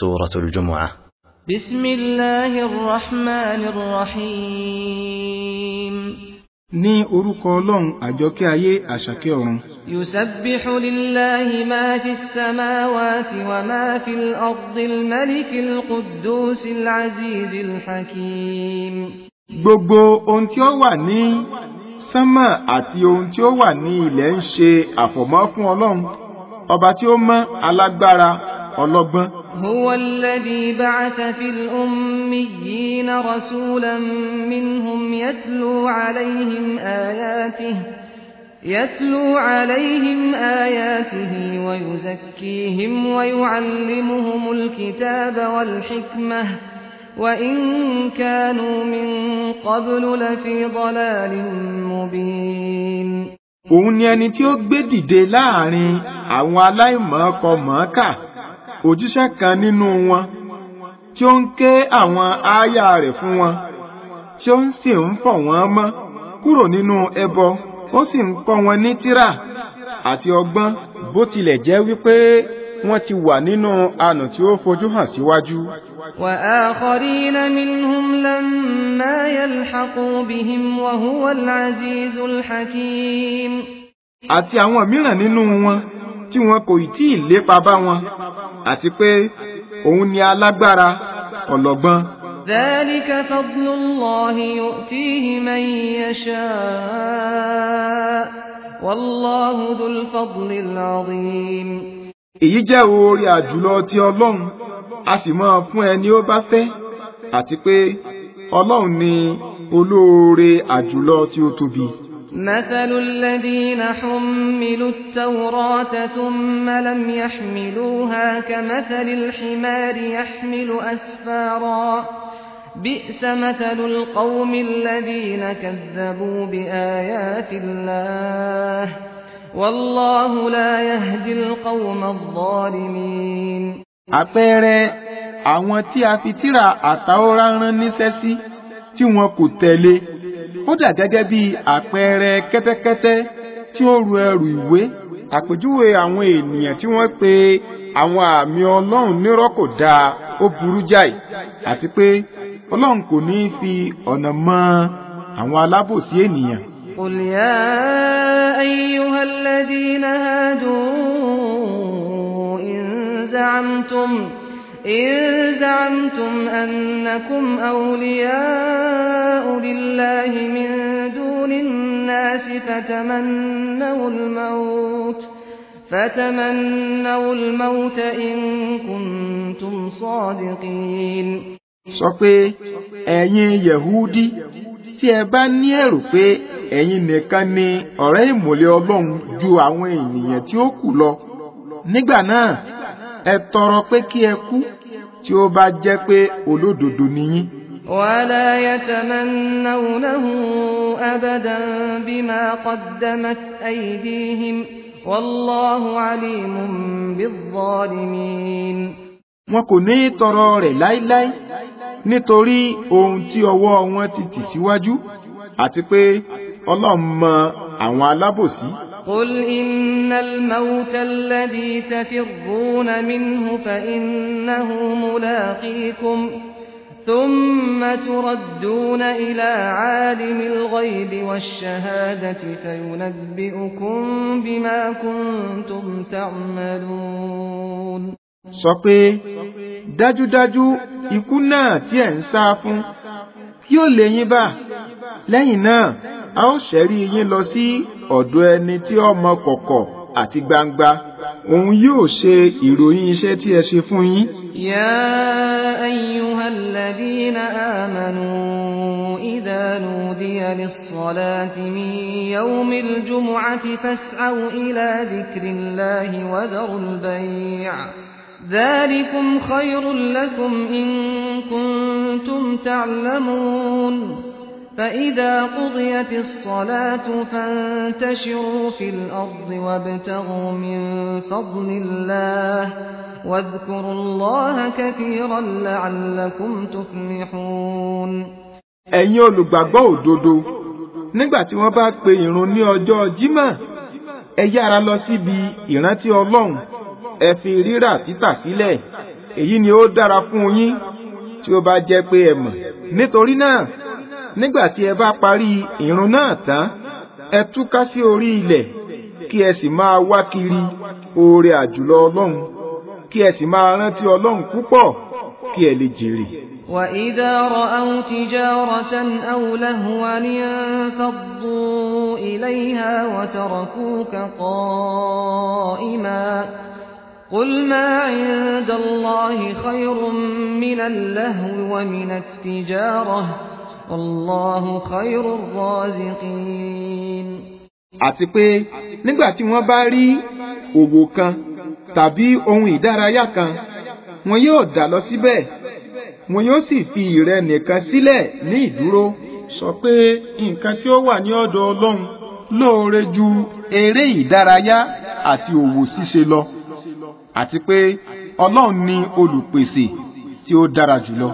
سورة الجمعة بسم الله الرحمن الرحيم ní orúkọ ọlọ́run àjọkẹ́ ayé àṣàkẹ́ ọ̀run. yusabbihu lillahi ma fi samawati wa ma fi al maliki al-quddus al hakim gbogbo ohun tí ó wà ní sánmà àti ohun tí ó wà ní ilẹ̀ ń ṣe àfọ̀mọ́ fún ọlọ́run ọba tí ó mọ́ alágbára ọlọ́gbọ́n. هو الذي بعث في الأميين رسولا منهم يتلو عليهم آياته يتلو عليهم آياته ويزكيهم ويعلمهم الكتاب والحكمة وإن كانوا من قبل لفي ضلال مبين òun ni ẹni tí ó gbé dìde òjíṣẹ́ kan nínú wọn tí ó ń ké àwọn ááyà rẹ̀ fún wọn tí ó ń sì ń fọ̀ wọ́n mọ́ kúrò nínú ẹbọ ó sì ń kọ́ wọn ní tírà àti ọgbọ́n bó tilẹ̀ jẹ́ wípé wọ́n ti wà nínú ànà tí ó fojú hàn síwájú. wa akharina minhum lamma yalhaqu bihim wa huwa al-azizul hakim. àti àwọn mìíràn nínú wọn tí wọn kò tí ì lépa bá wọn àti pé òun ni alágbára ọlọ́gbọ́n. ذلك فضل الله يؤتيه من يشاء والله ذو الفضل العظيم èyí jẹ́ oore àjùlọ ti ọlọ́run a sì máa fún ẹni ó bá fẹ́ àti pé ọlọ́run ni olóore àjùlọ tí ó tóbi. مثل الذين حملوا التوراة ثم لم يحملوها كمثل الحمار يحمل أسفارا بئس مثل القوم الذين كذبوا بآيات الله والله لا يهدي القوم الظالمين أبيري àwọn أفتيرا أتاورا نسيسي tíra ó dà gẹ́gẹ́ bí àpẹẹrẹ kẹ́tẹ́kẹ́tẹ́ tí ó ru ẹrù ìwé àpèjúwe àwọn ènìyàn tí wọ́n pe àwọn àmì ọlọ́run nírọ́ kò dáa ó burú jáì àti pé ọlọ́run kò ní í fi ọ̀nà mọ àwọn alábòsí ènìyàn. قل يا أيها الذين هادوا إن زعمتم إن زعمتم فتمنوا الموت فتمنوا الموت إن كنتم صادقين sọ pé ẹ̀yin yẹ̀húdí tí ẹ bá ní ẹ̀rù pé ẹ̀yin nìkan ni ọ̀rẹ́ ìmùlẹ̀ ọlọ́run ju àwọn ènìyàn tí ó kù lọ nígbà náà ẹ tọrọ pé kí ẹ kú tí ó bá jẹ́ pé olódodo ni yín. wala yatamannawnahu أبدا بما قدمت أيديهم والله عليم بالظالمين wọn kò ní tọrọ rẹ̀ láíláí nítorí ohun tí ọwọ́ wọn ti tì síwájú àti pé Ọlọ́run mọ àwọn alábòsí. قل إن الموت الذي تفرون منه فإنه ملاقيكم ثم تردون إلى عالم الغيب والشهادة فينبئكم بما كنتم تعملون sọ pé dájúdájú ikú náà tí ẹ̀ ń sá fún kí ó lè yín bá lẹ́yìn náà a ó ṣẹ́rí yín lọ sí ọ̀dọ̀ ẹni tí ó kọ̀kọ̀ àti gbangba òun yóò ṣe ìròyìn iṣẹ́ tí ẹ ṣe fún yín. يا ايها الذين امنوا اذا نودي للصلاه من يوم الجمعه فاسعوا الى ذكر الله وذروا البيع ذلكم خير لكم ان كنتم تعلمون فإذا قضيت الصلاة فانتشروا في الأرض وابتغوا من فضل الله واذكروا الله كثيرا لعلكم تفلحون ẹ̀yin olùgbàgbọ́ òdodo nígbà tí wọ́n bá pe ìrun ní ọjọ́ jímọ̀ ẹ yára lọ síbi ìrántí ọlọ́run ẹ fi rírà títà sílẹ̀ èyí ni ó dára fún yín tí ó bá jẹ́ pé ẹ mọ̀ nítorí náà nígbà tí ẹ bá parí ìrun náà tán ẹ túká sí orí ilẹ̀ kí ẹ sì máa wá kiri oore àjùlọ ọlọ́run kí ẹ sì máa rántí ọlọ́run púpọ̀ kí ẹ lè jèrè. وإذا رأوا تجارة أو لهوا انفضوا إليها وتركوك قائما قل ما عند الله خير من اللهو ومن التجارة والله خير الرازقين. àti pé nígbà tí wọ́n bá rí òwò kan tàbí ohun ìdárayá kan wọn yóò dà lọ síbẹ̀ wọn yóò sì fi ìrẹ nìkan sílẹ̀ ní ìdúró. sọ pé nǹkan tí ó wà ní ọ̀dọ̀ ọlọ́run lóore ju eré ìdárayá àti òwò ṣíṣe lọ àti pé ọlọ́run ni olùpèsè tí ó dára jùlọ.